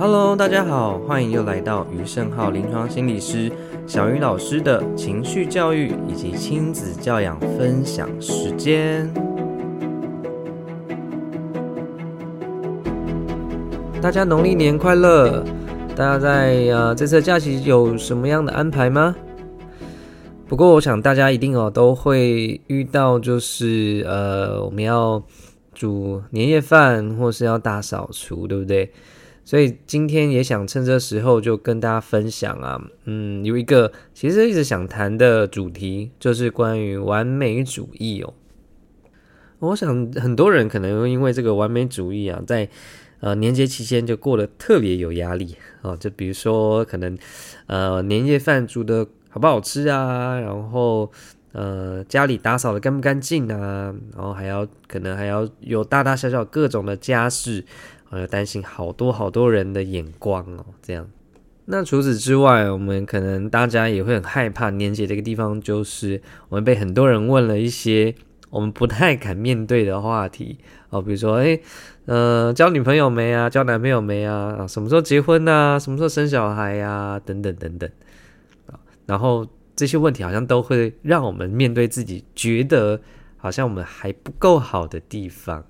Hello，大家好，歡迎又來到余勝皓臨床心理師小魚老師的情緒教育以及親子教養分享時間。大家農曆年快樂！大家在呃這次假期有什麼樣的安排嗎？不過我想大家一定哦都會遇到，就是呃我們要煮年夜飯或是要大掃除，對不對？所以今天也想趁這時候就跟大家分享啊，嗯，有一個其實一直想談的主題，就是關於完美主義哦。我想很多人可能因為這個完美主義啊，在呃年節期間就過得特別有壓力啊。就比如說可能呃年夜飯煮得好不好吃啊，然後呃家裡打掃得乾不乾淨啊，然後還要可能還要有大大小小各種的家事。我要擔心好多好多人的眼光哦，這樣。那除此之外，我們可能大家也會很害怕年節這個地方，就是我們被很多人問了一些我們不太敢面對的話題哦，比如說，哎，呃，交女朋友沒啊？交男朋友沒啊？啊，什麼時候結婚啊？什麼時候生小孩呀、啊？等等等等。然後這些問題好像都會讓我們面對自己，覺得好像我們還不夠好的地方。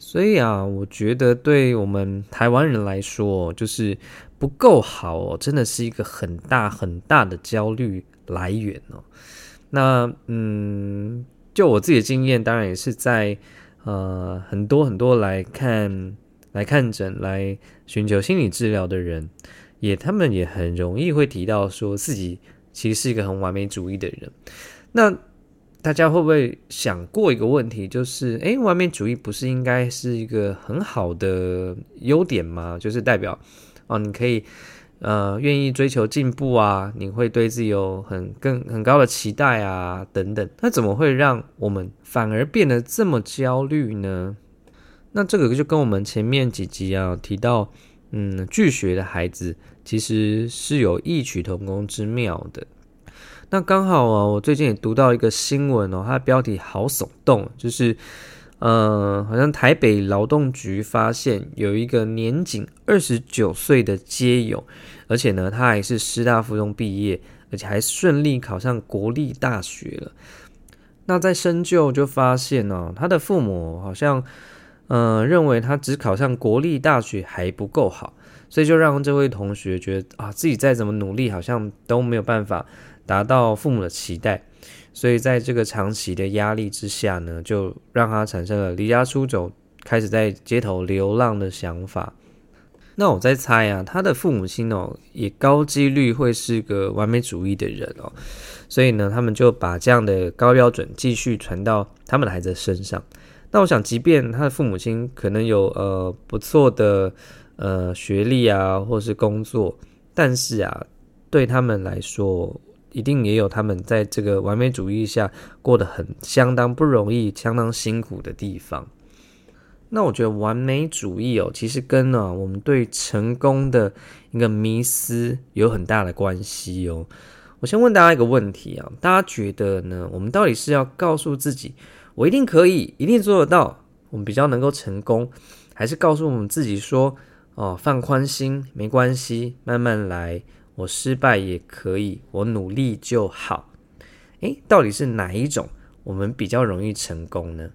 所以啊，我覺得對我們台灣人來說，就是不夠好、哦，真的是一個很大很大的焦慮來源哦。那嗯，就我自己的經驗，當然也是在呃很多很多來看來看診來尋求心理治療的人，也他們也很容易會提到說自己其實是一個很完美主義的人。那大家會不會想過一個問題？就是，哎，完美主義不是應該是一個很好的優點嗎？就是代表，哦，你可以，呃，願意追求進步啊，你會對自己有很更很高的期待啊，等等。那怎麼會讓我們反而變得這麼焦慮呢？那這個就跟我們前面幾集啊提到，嗯，拒學的孩子其實是有異曲同工之妙的。那剛好啊，我最近也讀到一個新聞哦，它的標題好聳動，就是，呃，好像台北勞動局發現有一個年僅二十九歲的街友，而且呢，他還是師大附中畢業，而且還順利考上國立大學了。那在深究就發現哦，啊，他的父母好像，呃，認為他只考上國立大學還不夠好，所以就讓這位同學覺得啊，自己再怎麼努力，好像都沒有辦法，達到父母的期待，所以在這個長期的壓力之下呢，就讓他產生了離家出走、開始在街頭流浪的想法。那我在猜啊，他的父母親哦，也高機率會是個完美主義的人哦，所以呢，他們就把這樣的高標準繼續傳到他們的孩子身上。那我想，即便他的父母親可能有呃不錯的呃學歷啊，或是工作，但是啊，對他們來說，一定也有他們在這個完美主義下過得很相當不容易，相當辛苦的地方。那我覺得完美主義哦，其實跟呢、哦、我們對成功的一個迷思有很大的關係哦。我先問大家一個問題啊，大家覺得呢，我們到底是要告訴自己“我一定可以，一定做得到”，我們比較能夠成功，還是告訴我們自己說“哦，放寬心，沒關係，慢慢來”？我失敗也可以，我努力就好。哎，到底是哪一種我們比較容易成功呢？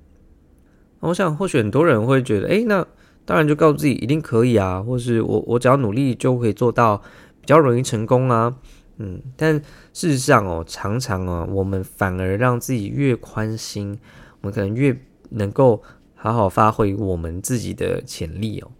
我想，或許很多人會覺得，哎，那當然就告訴自己一定可以啊，或是我我只要努力就可以做到，比較容易成功啊。嗯，但事實上哦，常常哦，我們反而讓自己越寬心，我們可能越能夠好好發揮我們自己的潛力哦。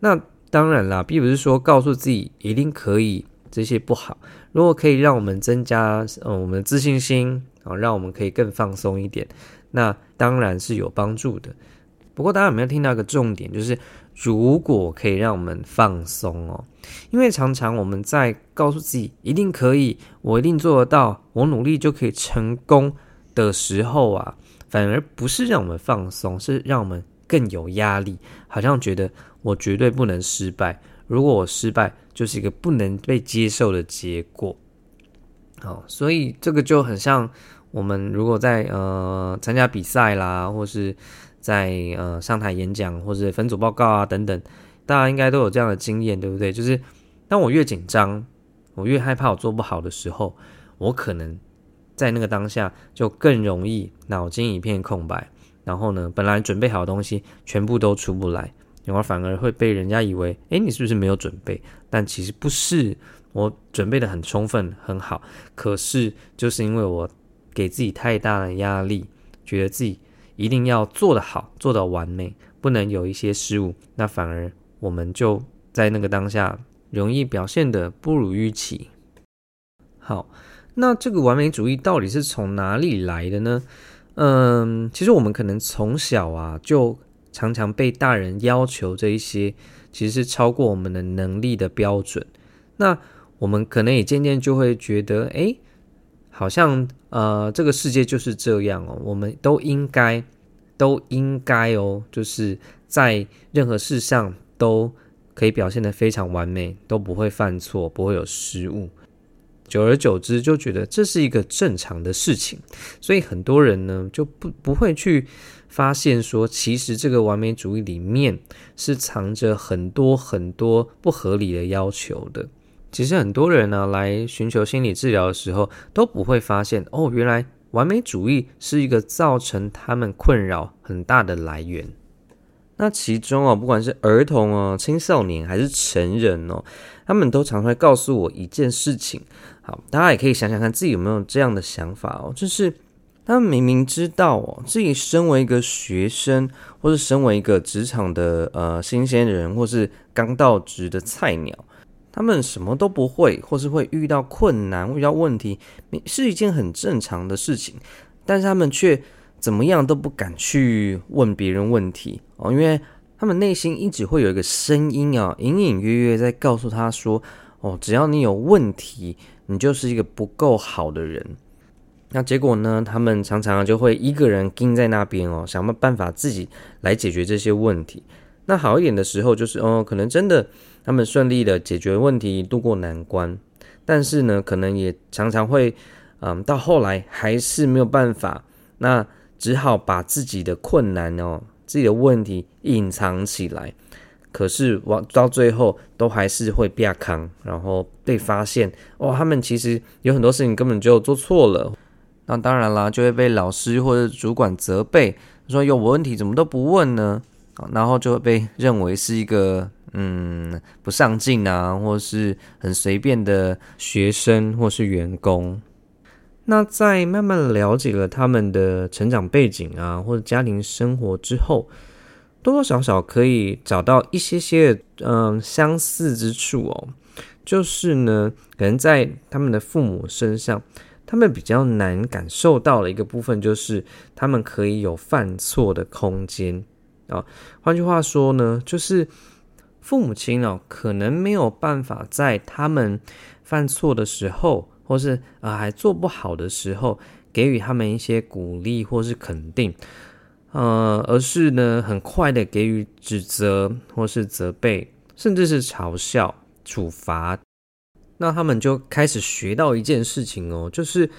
那當然啦，並不是說告訴自己一定可以。這些不好，如果可以讓我們增加、呃、我們的自信心啊，讓我們可以更放鬆一點，那當然是有幫助的。不過大家有沒有聽到一個重點，就是如果可以讓我們放鬆哦，因為常常我們在告訴自己一定可以，我一定做得到，我努力就可以成功的時候啊，反而不是讓我們放鬆，是讓我們更有壓力，好像覺得我絕對不能失敗。如果我失敗，就是一個不能被接受的結果。好，所以這個就很像我們如果在呃參加比賽啦，或是在，在呃上台演講或是分組報告啊等等，大家應該都有這樣的經驗，對不對？就是當我越緊張，我越害怕我做不好的時候，我可能在那個當下就更容易腦筋一片空白，然後呢，本來準備好的東西全部都出不來。反而反而會被人家以為，哎，你是不是沒有準備？但其實不是，我準備得很充分，很好。可是，就是因為我給自己太大的壓力，覺得自己一定要做得好，做得完美，不能有一些失誤，那反而我們就在那個當下容易表現得不如預期。好，那這個完美主義到底是從哪裡來的呢？嗯，其實我們可能從小啊就。常常被大人要求這一些，其實是超過我們的能力的標準。那我們可能也漸漸就會覺得，哎，好像呃，這個世界就是這樣哦，我們都應該，都應該哦，就是在任何事上都可以表現得非常完美，都不會犯錯，不會有失誤。久而久之，就覺得這是一個正常的事情，所以很多人呢，就不不會去。發現說，其實這個完美主義裡面是藏着很多很多不合理的要求的。其實很多人呢、啊，來尋求心理治療的時候，都不會發現哦，原來完美主義是一個造成他們困擾很大的來源。那其中哦，不管是兒童哦、青少年還是成人哦，他們都常會告訴我一件事情。好，大家也可以想想看，自己有沒有這樣的想法哦，就是。他們明明知道哦，自己身為一個學生，或是身為一個職場的呃新鮮人，或是剛到職的菜鳥，他們什麼都不會，或是會遇到困難、遇到問題，是一件很正常的事情。但是他們卻怎麼樣都不敢去問別人問題哦，因為他們內心一直會有一個聲音啊，隱隱約約在告訴他說：“哦，只要你有問題，你就是一個不夠好的人。”那結果呢？他們常常就會一個人盯在那邊哦，想辦法自己來解決這些問題。那好一點的時候，就是哦，可能真的他們順利的解決問題，度過難關。但是呢，可能也常常會，嗯，到後來還是沒有辦法，那只好把自己的困難哦，自己的問題隱藏起來。可是我到最後都還是會變康，然後被發現。哦，他們其實有很多事情根本就做錯了。那當然啦，就會被老師或者主管責備，說有問題怎麼都不問呢？然後就會被認為是一個嗯不上進啊，或是很隨便的學生或是員工。那在慢慢了解了他們的成長背景啊，或者家庭生活之後，多多少少可以找到一些些嗯相似之處哦。就是呢，可能在他們的父母身上。他們比較難感受到的一個部分，就是他們可以有犯錯的空間啊。哦、換句話說呢，就是父母親哦，可能沒有辦法在他們犯錯的時候，或是啊、呃、還做不好的時候，給予他們一些鼓勵或是肯定，呃，而是呢，很快的給予指責或是責備，甚至是嘲笑、處罰。那他們就開始學到一件事情哦，就是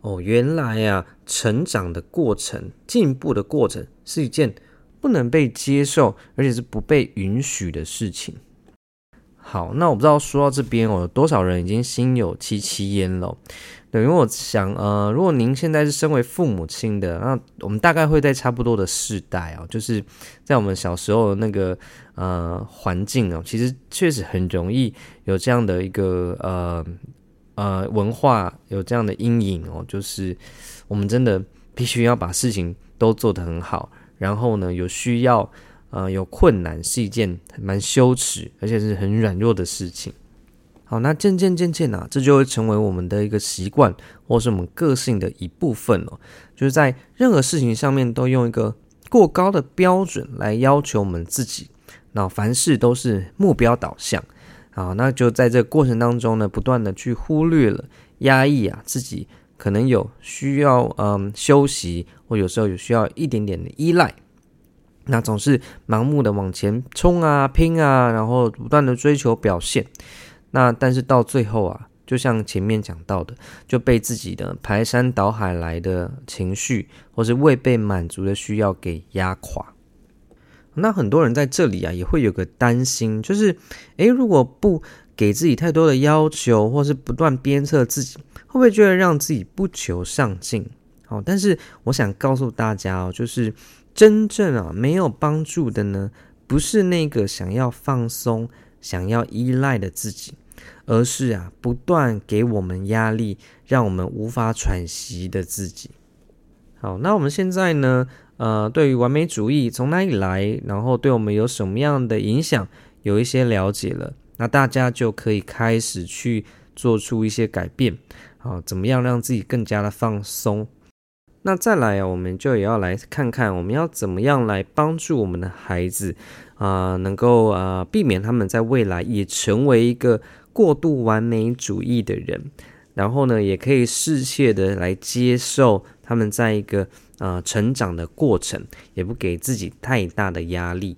哦，原來啊，成長的過程、進步的過程，是一件不能被接受，而且是不被允許的事情。好，那我不知道說到這邊哦，有多少人已經心有戚戚焉了哦？對，因為我想，呃，如果您現在是身為父母親的，那我們大概會在差不多的世代哦，就是在我們小時候的那個呃環境哦，其實確實很容易有這樣的一個呃呃文化，有這樣的陰影哦，就是我們真的必須要把事情都做得很好，然後呢，有需要。呃，有困難是一件蠻羞恥，而且是很軟弱的事情。好，那漸漸漸漸啊，這就會成為我們的一個習慣，或是我們個性的一部分了、哦。就是在任何事情上面都用一個過高的標準來要求我們自己，那凡事都是目標導向。啊，那就在這個過程當中呢，不斷的去忽略了、壓抑啊自己可能有需要，嗯、呃，休息，或有時候有需要一點點的依賴。那總是盲目的往前衝啊，拼啊，然後不斷的追求表現。那但是到最後啊，就像前面講到的，就被自己的排山倒海來的情緒，或是未被滿足的需要給壓垮。那很多人在這裡啊，也會有個擔心，就是，誒，如果不給自己太多的要求，或是不斷鞭策自己，會不會覺得讓自己不求上進？好、哦，但是我想告訴大家哦，就是。真正啊沒有幫助的呢，不是那個想要放鬆、想要依賴的自己，而是啊不斷給我們壓力、讓我們無法喘息的自己。好，那我們現在呢，呃，對於完美主義從哪裡來，然後對我們有什麼樣的影響，有一些了解了，那大家就可以開始去做出一些改變。啊，怎麼樣讓自己更加的放鬆？那再來啊，我們就也要來看看，我們要怎麼樣來幫助我們的孩子啊、呃，能夠啊、呃、避免他們在未來也成為一個過度完美主義的人，然後呢，也可以適切的來接受他們在一個啊、呃、成長的過程，也不給自己太大的壓力。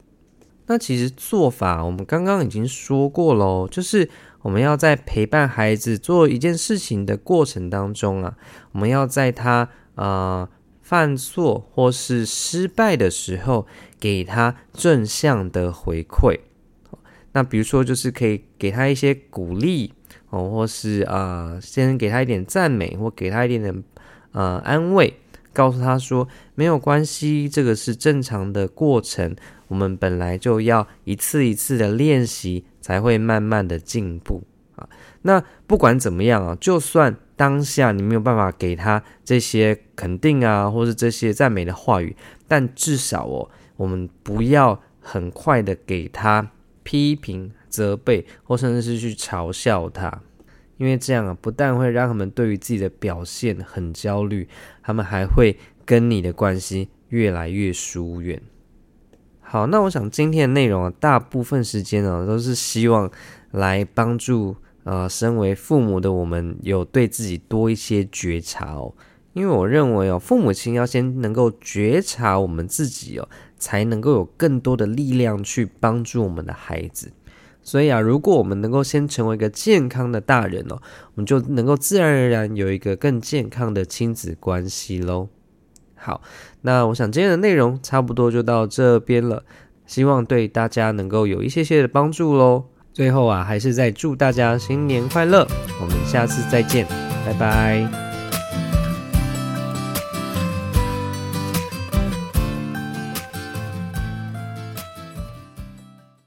那其實做法我們剛剛已經說過嘍，就是我們要在陪伴孩子做一件事情的過程當中啊，我們要在他。啊、呃，犯錯或是失敗的時候，給他正向的回饋。那比如說，就是可以給他一些鼓勵哦，或是啊、呃，先給他一點讚美，或給他一點點呃安慰，告訴他說沒有關係，這個是正常的過程，我們本來就要一次一次的練習，才會慢慢的進步啊。那不管怎麼樣啊，就算。當下你沒有辦法給他這些肯定啊，或是這些讚美的話語，但至少哦，我們不要很快的給他批評、責備，或甚至是去嘲笑他，因為這樣啊，不但會讓他們對於自己的表現很焦慮，他們還會跟你的關係越來越疏遠。好，那我想今天的內容啊，大部分時間啊，都是希望來幫助。呃，身為父母的我們，有對自己多一些覺察哦，因為我認為哦，父母親要先能夠覺察我們自己哦，才能夠有更多的力量去幫助我們的孩子。所以啊，如果我們能夠先成為一個健康的大人哦，我們就能夠自然而然有一個更健康的親子關係嘍。好，那我想今天的內容差不多就到這邊了，希望對大家能夠有一些些的幫助嘍。最後啊，還是再祝大家新年快樂！我們下次再見，拜拜。